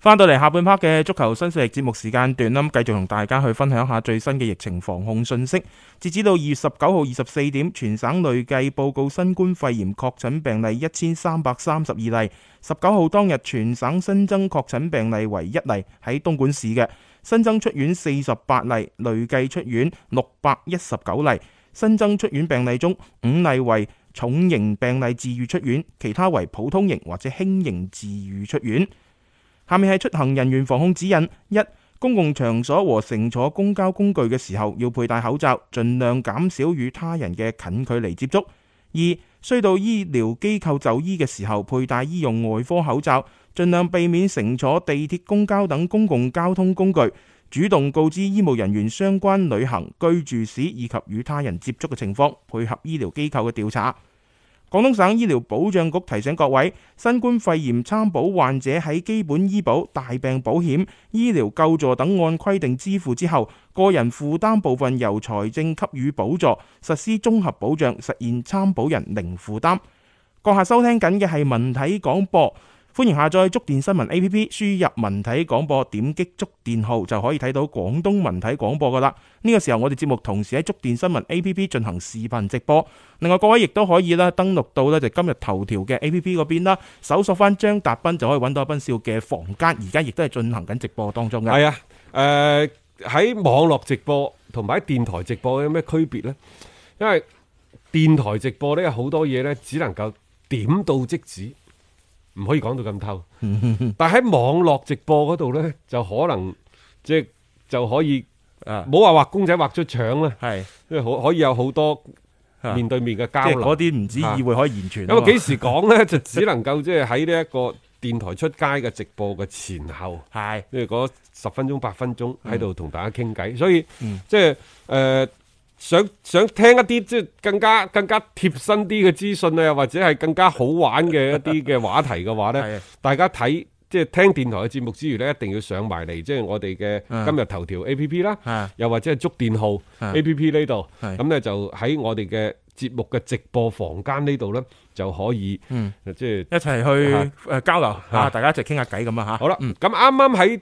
翻到嚟下半 part 嘅足球新勢力節目時間段啦，繼續同大家去分享下最新嘅疫情防控信息。截止到二月十九號二十四點，全省累計報告新冠肺炎確診病例一千三百三十二例。十九號當日全省新增確診病例為一例，喺東莞市嘅新增出院四十八例，累計出院六百一十九例。新增出院病例中，五例為重型病例治愈出院，其他為普通型或者輕型治愈出院。下面係出行人員防控指引：一、公共場所和乘坐公交工具嘅時候要佩戴口罩，盡量減少與他人嘅近距離接觸；二、需到醫療機構就醫嘅時候佩戴醫用外科口罩，盡量避免乘坐地鐵、公交等公共交通工具，主動告知醫務人員相關旅行、居住史以及與他人接觸嘅情況，配合醫療機構嘅調查。廣東省醫療保障局提醒各位，新冠肺炎參保患者喺基本醫保、大病保險、醫療救助等按規定支付之後，個人負擔部分由財政給予補助，實施綜合保障，實現參保人零負擔。閣下收聽緊嘅係文體廣播。歡迎下載觸電新聞 A P P，輸入文體廣播，點擊觸電號就可以睇到廣東文體廣播噶啦。呢個時候我哋節目同時喺觸電新聞 A P P 進行視頻直播。另外各位亦都可以啦，登錄到呢就今日頭條嘅 A P P 嗰邊啦，搜索翻張達斌就可以揾到阿斌少嘅房間，而家亦都係進行緊直播當中嘅。係啊，誒、呃，喺網絡直播同埋喺電台直播有咩區別呢？因為電台直播呢，有好多嘢呢，只能夠點到即止。唔可以講到咁透，但係喺網絡直播嗰度咧，就可能即係就可以啊，冇話畫公仔畫出腸啦，係的，即係可可以有好多面對面嘅交流，嗰啲唔止意會可以言傳。咁啊，幾時講咧？就只能夠即係喺呢一個電台出街嘅直播嘅前後，係的，即係嗰十分鐘、八分鐘喺度同大家傾偈，嗯、所以、嗯、即係誒。呃想想聽一啲即係更加更加貼身啲嘅資訊啊，或者係更加好玩嘅一啲嘅話題嘅話咧，大家睇即係聽電台嘅節目之餘咧，一定要上埋嚟即係我哋嘅今日頭條 A P P 啦，又或者係觸電號 A P P 呢度，咁咧就喺我哋嘅節目嘅直播房間呢度咧就可以，嗯、即係一齊去交流、啊、大家一齊傾下偈，咁啊，好啦，咁啱啱喺。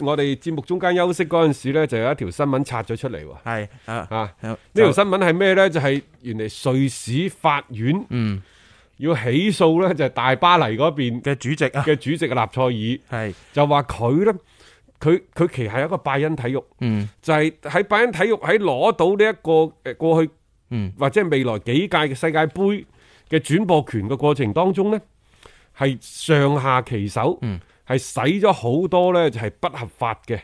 我哋節目中間休息嗰陣時咧，就有一條新聞拆咗出嚟。係是啊，啊就，呢條新聞係咩咧？就係、是、原嚟瑞士法院嗯要起訴咧，就係大巴黎嗰邊嘅主席啊嘅主席啊納賽爾係是就話佢咧，佢佢其實係一個拜恩體育嗯就係喺拜恩體育喺攞到呢一個誒過去嗯或者未來幾屆嘅世界杯嘅轉播權嘅過程當中咧，係上下其手嗯。係使咗好多咧，就係不合法嘅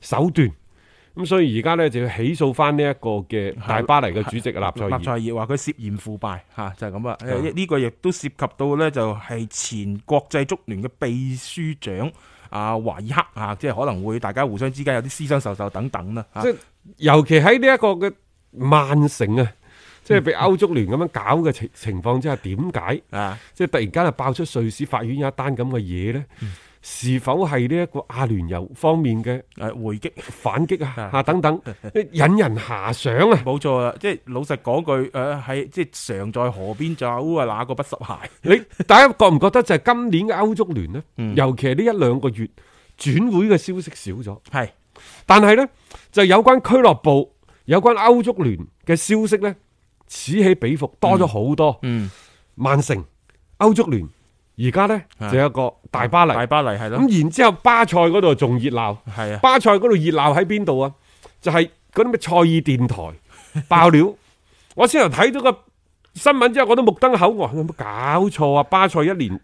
手段。咁、嗯、所以而家咧就要起訴翻呢一個嘅大巴黎嘅主席納賽爾。納賽爾話佢涉嫌腐敗吓，就係咁啦。呢是個亦都涉及到咧，就係前國際足聯嘅秘書長阿華爾克啊，即係、啊就是、可能會大家互相之間有啲私相授受等等啦。啊、即係尤其喺呢一個嘅曼城啊，即係被歐足聯咁樣搞嘅情情況之下，點解啊？即係突然間啊爆出瑞士法院有一單咁嘅嘢咧？嗯是否係呢一個阿聯酋方面嘅誒回擊反擊啊？啊等等，引人遐想啊！冇錯啦，即係老實講句，誒喺即係常在河邊走啊，哪個不濕鞋？你大家覺唔覺得就係今年嘅歐足聯呢？尤其係呢一兩個月轉會嘅消息少咗，係，但係咧就有關俱樂部、有關歐足聯嘅消息咧此起彼伏多咗好多。嗯，曼城、歐足聯。而家咧就有一個大巴黎，大巴黎係咯。咁然之後巴塞嗰度仲熱鬧，係啊的。巴塞嗰度熱鬧喺邊度啊？就係嗰啲咩賽爾電台爆料。 我先頭睇到個新聞之後，我都目瞪口呆，有冇搞錯啊？巴塞一年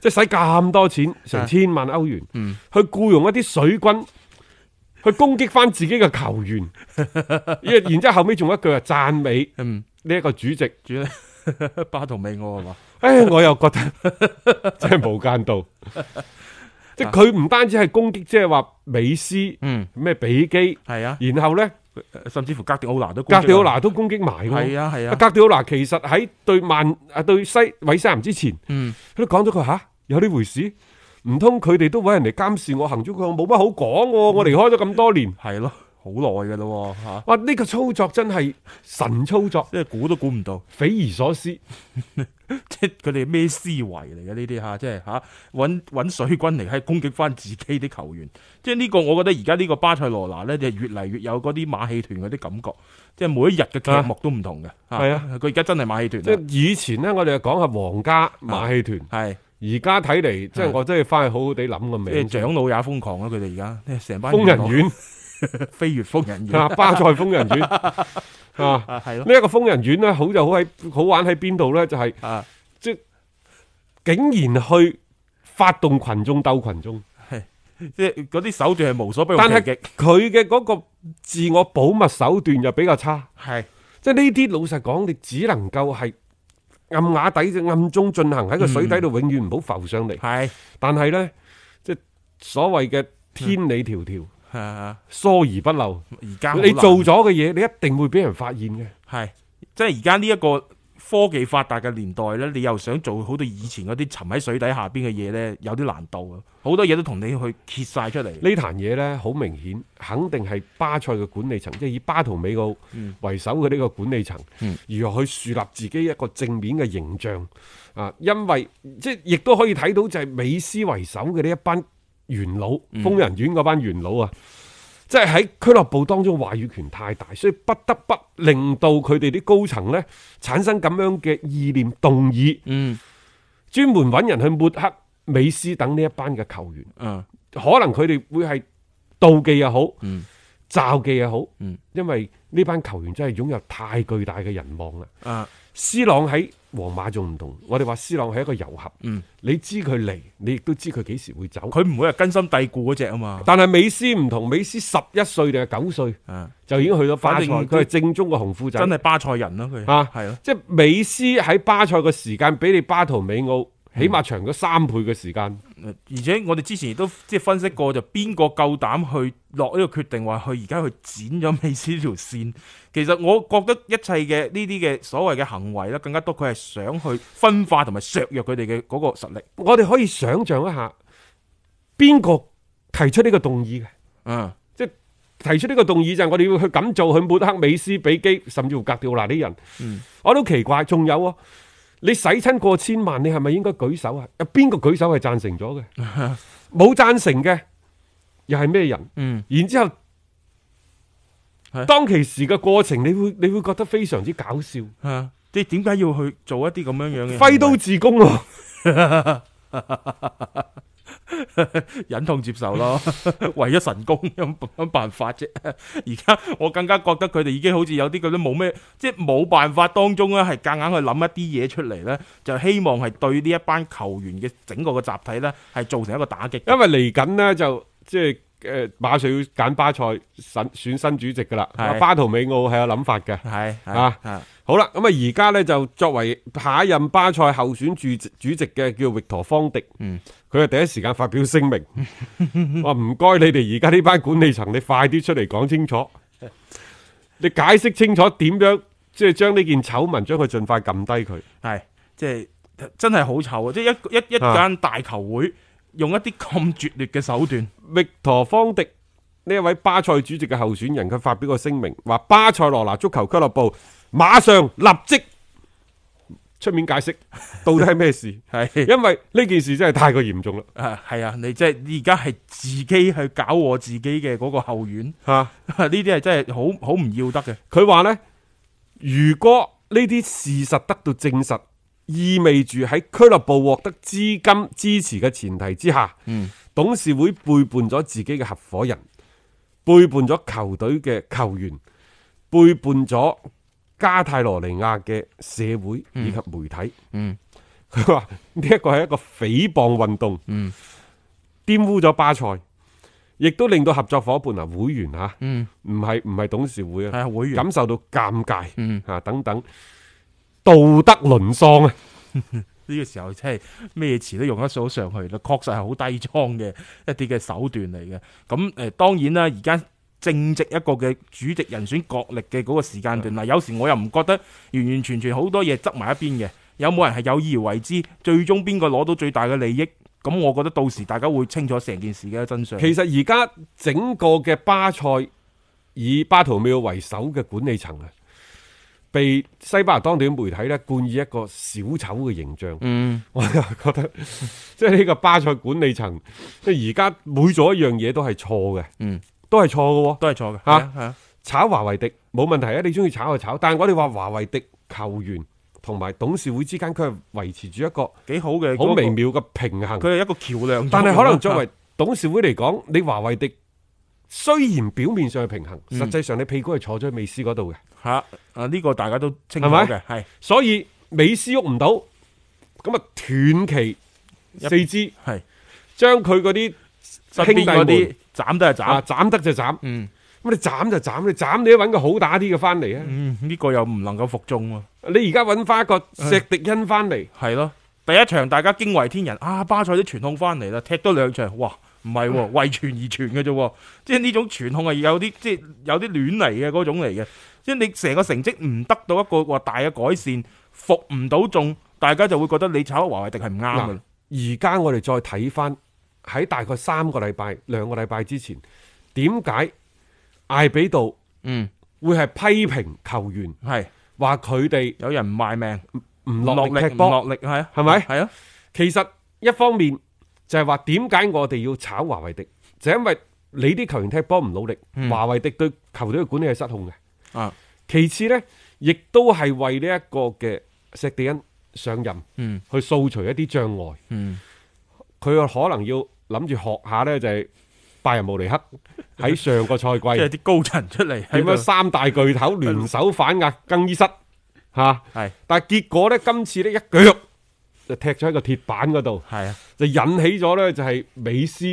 即係使咁多錢，成千萬歐元去雇傭一啲水軍去攻擊翻自己嘅球員。 然之後後尾仲一句話讚美，嗯，呢一個主席。 巴圖美我係嘛？誒，我又覺得真係無間道， 啊、即係佢唔單止係攻擊，即係話美斯，嗯，咩比基係啊？然後咧，甚至乎格迪奧拿都格迪奧拿都攻擊埋嘅，係啊係啊。啊格迪奧拿其實喺對萬啊對西韋西蘭之前，嗯，都講咗佢吓有呢回事，唔通佢哋都搵人嚟監視我行咗佢，冇乜好講，我離、啊嗯、開咗咁多年，係咯、啊。好耐噶咯，哇！呢個操作真係神操作，即係估都估唔到，匪夷所思，即係佢哋咩思維嚟嘅呢啲吓，即係吓，揾揾水軍嚟係攻擊翻自己啲球員，即係呢個我覺得而家呢個巴塞羅那咧就越嚟越有嗰啲馬戲團嗰啲感覺，即係每一日嘅劇目都唔同嘅，係啊，佢而家真係馬戲團。即係以前咧，我哋講下皇家馬戲團，係而家睇嚟，即係我真係翻去好好地諗個名。長老也瘋狂啊！佢哋而家成班瘋人院。飛越瘋人院，啊，巴塞瘋人院啊，係咯，呢一個瘋人院咧，好就好喺好玩喺邊度咧，就係，即係竟然去發動群眾鬥群眾，係，即係嗰啲手段係無所不用其極，佢嘅嗰個自我保密手段又比較差，係，即係呢啲老實講，你只能夠係暗啞底，就暗中進行喺個水底度，永遠唔好浮上嚟，係，但係咧，即係所謂嘅天理迢迢。係啊，疏而不漏。而家你做咗嘅嘢，你一定會俾人發現嘅。係，即係而家呢一個科技發達嘅年代呢，你又想做好多以前嗰啲沉喺水底下邊嘅嘢呢，有啲難度。好多嘢都同你去揭晒出嚟。呢壇嘢呢，好明顯，肯定係巴塞嘅管理層，即係以巴圖美奧為首嘅呢個管理層，如何、嗯、去樹立自己一個正面嘅形象。啊，因為即係亦都可以睇到，就係美斯為首嘅呢一班。元老、瘋人院嗰班元老啊，嗯、即係喺俱樂部當中話語權太大，所以不得不令到佢哋啲高層呢產生咁樣嘅意念動議，嗯，專門揾人去抹黑美斯等呢一班嘅球員，啊、嗯，可能佢哋會係妒忌又好，嗯，嫉忌又好，嗯，因為呢班球員真係擁有太巨大嘅人望啦，啊，斯朗喺。皇馬仲唔同，我哋話 C 朗係一個遊俠，嗯、你知佢嚟，你亦都知佢幾時會走，佢唔會係根深蒂固嗰隻啊嘛。但係美斯唔同，美斯十一歲定係九歲，啊、就已經去到巴塞，佢係正，正宗嘅紅褲仔，真係巴塞人咯、啊、佢。啊係咯，啊啊、即係美斯喺巴塞嘅時、嗯、時間，比你巴圖美奧起碼長咗三倍嘅時間。而且我哋之前亦都即係分析過，就邊個夠膽去落呢個決定，話去而家去剪咗美斯呢條線？其實我覺得一切嘅呢啲嘅所謂嘅行為咧，更加多佢係想去分化同埋削弱佢哋嘅嗰個實力。我哋可以想象一下，邊個提出呢個動議嘅？啊、嗯，即係提出呢個動議就係我哋要去咁做去抹黑美斯、比基甚至乎哥迪奧拿呢啲人。嗯，我都奇怪，仲有。你使親過千萬，你係咪應該舉手啊？有邊個舉手係贊成咗嘅？冇贊成嘅，又係咩人？嗯，然之後，的當其時嘅過程，你會你會覺得非常之搞笑。係你點解要去做一啲咁樣樣嘅？揮刀自宮咯。 忍痛接受咯， 為咗了神功有乜辦法啫。而家我更加覺得佢哋已經好似有啲咁樣冇咩，即係冇辦法當中咧，係夾硬去諗一啲嘢出嚟咧，就希望係對呢一班球員嘅整個個集體咧，係造成一個打擊。因為嚟緊呢，就即係。誒，馬上要揀巴塞選選新主席噶啦，是的巴圖美奧係有諗法嘅，係啊，的好啦，咁啊而家呢，就作為下一任巴塞候選主席主席嘅叫做域陀方迪，佢啊、嗯、第一時間發表聲明，話唔該你哋而家呢班管理層，你快啲出嚟講清楚，的你解釋清楚點樣，即係將呢件醜聞將佢盡快撳低佢，係，即係真係好醜啊，即係一一一間大球會。用一啲咁拙劣嘅手段，域陀方迪呢一位巴塞主席嘅候選人，佢發表個聲明，話巴塞羅那足球俱樂部馬上立即出面解釋，到底係咩事？係 的因為呢件事真係太過嚴重啦。啊，係啊，你即係而家係自己去搞我自己嘅嗰個後院吓，呢啲係真係好好唔要得嘅。佢話咧，如果呢啲事實得到證實。意味住喺俱樂部獲得資金支持嘅前提之下，嗯、董事會背叛咗自己嘅合夥人，背叛咗球隊嘅球員，背叛咗加泰羅尼亞嘅社會以及媒體。佢話呢一個係一個誹謗運動，嗯、玷污咗巴塞，亦都令到合作伙伴啊、會員啊，唔係唔係董事會啊，會員感受到尷尬啊、嗯、等等。道德淪喪啊！呢 個時候真係咩詞都用得上去，確實係好低莊嘅一啲嘅手段嚟嘅。咁誒，當然啦，而家正值一個嘅主席人選角力嘅嗰個時間段嗱，的有時我又唔覺得完完全全好多嘢執埋一邊嘅。有冇人係有意而為之？最終邊個攞到最大嘅利益？咁我覺得到時大家會清楚成件事嘅真相。其實而家整個嘅巴塞以巴圖美為首嘅管理層啊。被西班牙當地媒體咧冠以一個小丑嘅形象，嗯、我又覺得即係呢個巴塞管理層，即係而家每做一樣嘢都係錯嘅，嗯、都係錯嘅，都係錯嘅吓。啊啊啊、炒華為迪冇問題啊，你中意炒就炒。但係我哋話華為迪球員同埋董事會之間，佢係維持住一個幾好嘅、好微妙嘅平衡。佢係、那個、一個橋樑。但係可能作為董事會嚟講，你華為迪雖然表面上係平衡，實際上你屁股係坐咗喺美斯嗰度嘅。吓、啊，啊呢、這個大家都清楚嘅，係吧是所以美斯喐唔到，咁啊斷其四肢，係將佢嗰啲兄弟啲斬得就斬，斬、啊、得就斬，嗯，咁你斬就斬，你斬你都揾個好打啲嘅翻嚟啊，嗯，呢、這個又唔能夠服眾啊，你而家揾翻一個石迪恩翻嚟，係咯是，第一場大家驚為天人，啊巴塞都傳控翻嚟啦，踢多兩場，哇！唔係喎，為傳而傳嘅啫，即係呢種傳控係有啲即係有啲亂嚟嘅嗰種嚟嘅，即係你成個成績唔得到一個話大嘅改善，服唔到眾，大家就會覺得你炒華維迪係唔啱。而家我哋再睇翻喺大概三個禮拜兩個禮拜之前，點解艾比度嗯會係批評球員係話佢哋有人唔賣命唔落力踢波，落力係球啊，係咪吧？係啊，啊其實一方面。就係話點解我哋要炒華為迪？就因為你啲球員踢波唔努力，華為迪對球隊嘅管理係失控嘅。啊，其次咧，亦都係為呢一個嘅石地恩上任，嗯，去掃除一啲障礙。嗯，佢可能要諗住學下咧，就係拜仁慕尼黑喺上個賽季，即係啲高層出嚟點樣三大巨頭聯手反壓更衣室，吓係。但係結果咧，今次咧一腳。就踢咗喺個鐵板嗰度，係啊，就引起咗咧就係美斯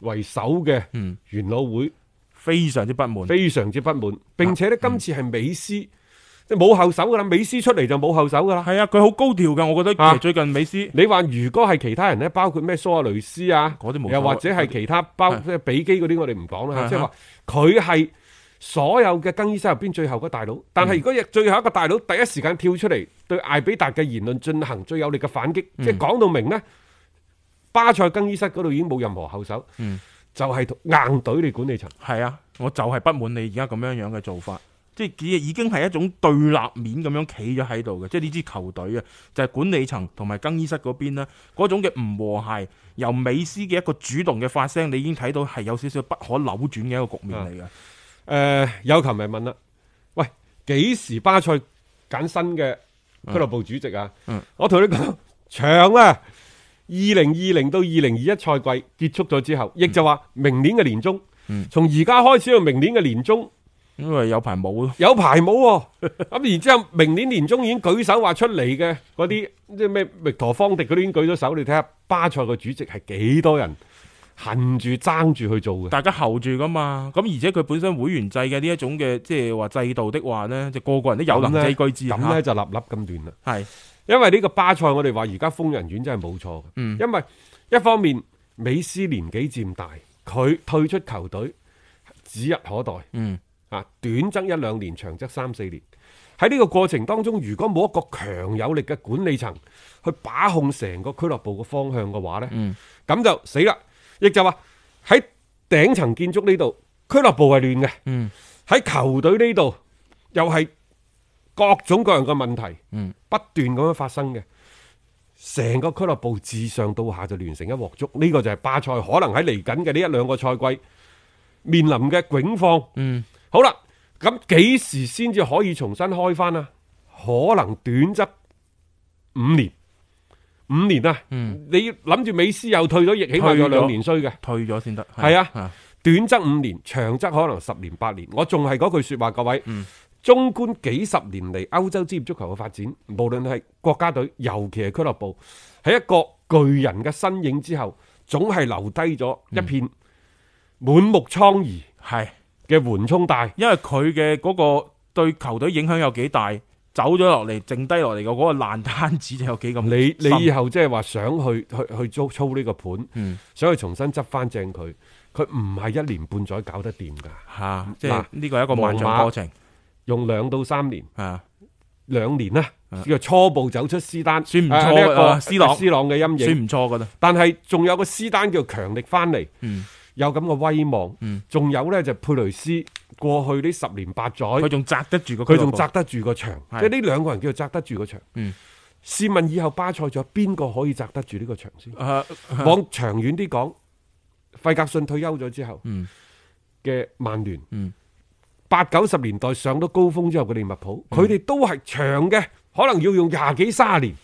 為首嘅元老會非常之不滿，非常之不滿，並且咧、嗯、今次係美斯即係冇後手噶啦，美斯出嚟就冇後手噶啦，係啊，佢好高調噶，我覺得最近美斯，啊、你話如果係其他人咧，包括咩蘇亞雷斯啊，又或者係其他，包括比基嗰啲，啊、些我哋唔講啦，啊、即係話佢係所有嘅更衣室入邊最後個大佬，但係如果最後一個大佬第一時間跳出嚟對艾比達嘅言論進行最有力嘅反擊，嗯、即係講到明呢，巴塞更衣室嗰度已經冇任何後手，嗯、就係硬懟你管理層。係啊，我就係不滿你而家咁樣樣嘅做法，即係已經係一種對立面咁樣企咗喺度嘅，即係呢支球隊啊，就係、是、管理層同埋更衣室嗰邊啦，嗰種嘅唔和諧，由美斯嘅一個主動嘅發聲，你已經睇到係有少少不可扭轉嘅一個局面嚟嘅。嗯誒、呃，有球迷問啦，喂，幾時巴塞揀新嘅俱樂部主席啊？嗯嗯、我同你講，長啊，二零二零到二零二一賽季結束咗之後，亦、嗯、就話明年嘅年中，從而家開始到明年嘅年中、嗯，因為有排冇咯，有排冇喎，咁 然之後明年年中已經舉手話出嚟嘅嗰啲，即係咩？域陀方迪嗰啲已經舉咗手，你睇下巴塞嘅主席係幾多人？恨住爭住去做嘅，大家候住噶嘛，咁而且佢本身會員制嘅呢一種嘅即係話制度的話呢，就個個人都有能制據之，呢，就立立咁亂啦。係是，因為呢個巴塞我哋話而家瘋人院真係冇錯嘅，嗯，因為一方面美斯年紀漸大，佢退出球隊指日可待，嗯，啊，短則一兩年，長則三四年，喺呢個過程當中，如果冇一個強有力嘅管理層去把控成個俱樂部嘅方向嘅話呢，嗯，咁就死啦。亦就話喺頂層建築呢度俱樂部係亂嘅，嗯，喺球隊呢度又係各種各樣嘅問題，嗯，不斷咁樣發生嘅，成個俱樂部自上到下就亂成一鑊粥。呢個就係巴塞可能喺嚟緊嘅呢一兩個賽季面臨嘅境況。嗯，好啦，咁幾時先至可以重新開翻啊？可能短則五年。五年啦、啊，嗯、你諗住美斯又退咗，亦起碼有兩年衰嘅。退咗先得。係啊，啊短則五年，長則可能十年八年。我仲係嗰句說話，各位，嗯、縱觀幾十年嚟歐洲職業足球嘅發展，無論係國家隊，尤其係俱樂部，喺一個巨人嘅身影之後，總係留低咗一片滿目瘡痍，係嘅緩衝帶。因為佢嘅嗰個對球隊影響有幾大。走咗落嚟，剩低落嚟嗰個爛攤子就有幾咁？你你以後即係話想去去去操呢個盤，想去重新執翻正佢，佢唔係一年半載搞得掂噶吓。即係呢個係一個漫長過程，用兩到三年。啊，兩年咧，叫初步走出施丹，算唔錯呢個。斯朗斯朗嘅陰影，算唔錯噶啦。但係仲有個施丹叫強力翻嚟，有咁嘅威望，仲有咧就佩雷斯。過去呢十年八載，佢仲紮得住個佢仲紮得住個場，的即係呢兩個人叫做紮得住個場。嗯，試問以後巴塞仲有邊個可以紮得住這個呢個場先？啊啊、往長遠啲講，費格遜退休咗之後的聯，嘅曼聯，八九十年代上到高峰之後的利物浦，佢哋麥普，佢哋都係長嘅，可能要用廿幾卅年，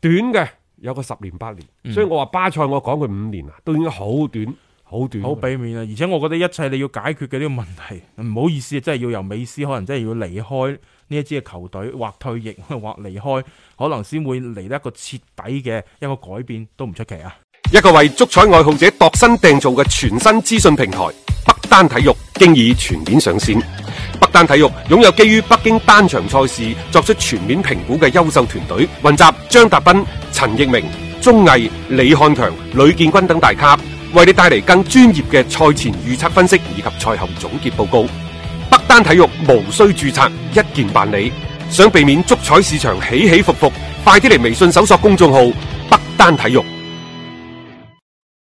短嘅有個十年八年。所以我話巴塞，我講佢五年啊，都已經好短。短好短，好俾面啊！而且我覺得一切你要解決嘅，呢個問題，唔好意思，真係要由美斯可能真係要離開呢一支嘅球隊，或退役，或離開，可能先會嚟得一個徹底嘅一個改變，都唔出奇啊！一個為足彩愛好者度身訂做嘅全新資訊平台北單體育，經已全面上線。北單體育擁有基於北京單場賽事作出全面評估嘅優秀團隊，雲集張達斌、陳奕明、鍾毅、李漢強、呂建軍等大咖。為你帶嚟更專業嘅賽前預測分析以及賽後總結報告。北單體育無需注冊，一鍵辦理。想避免足彩市場起起伏伏，快啲嚟微信搜索公眾號北單體育。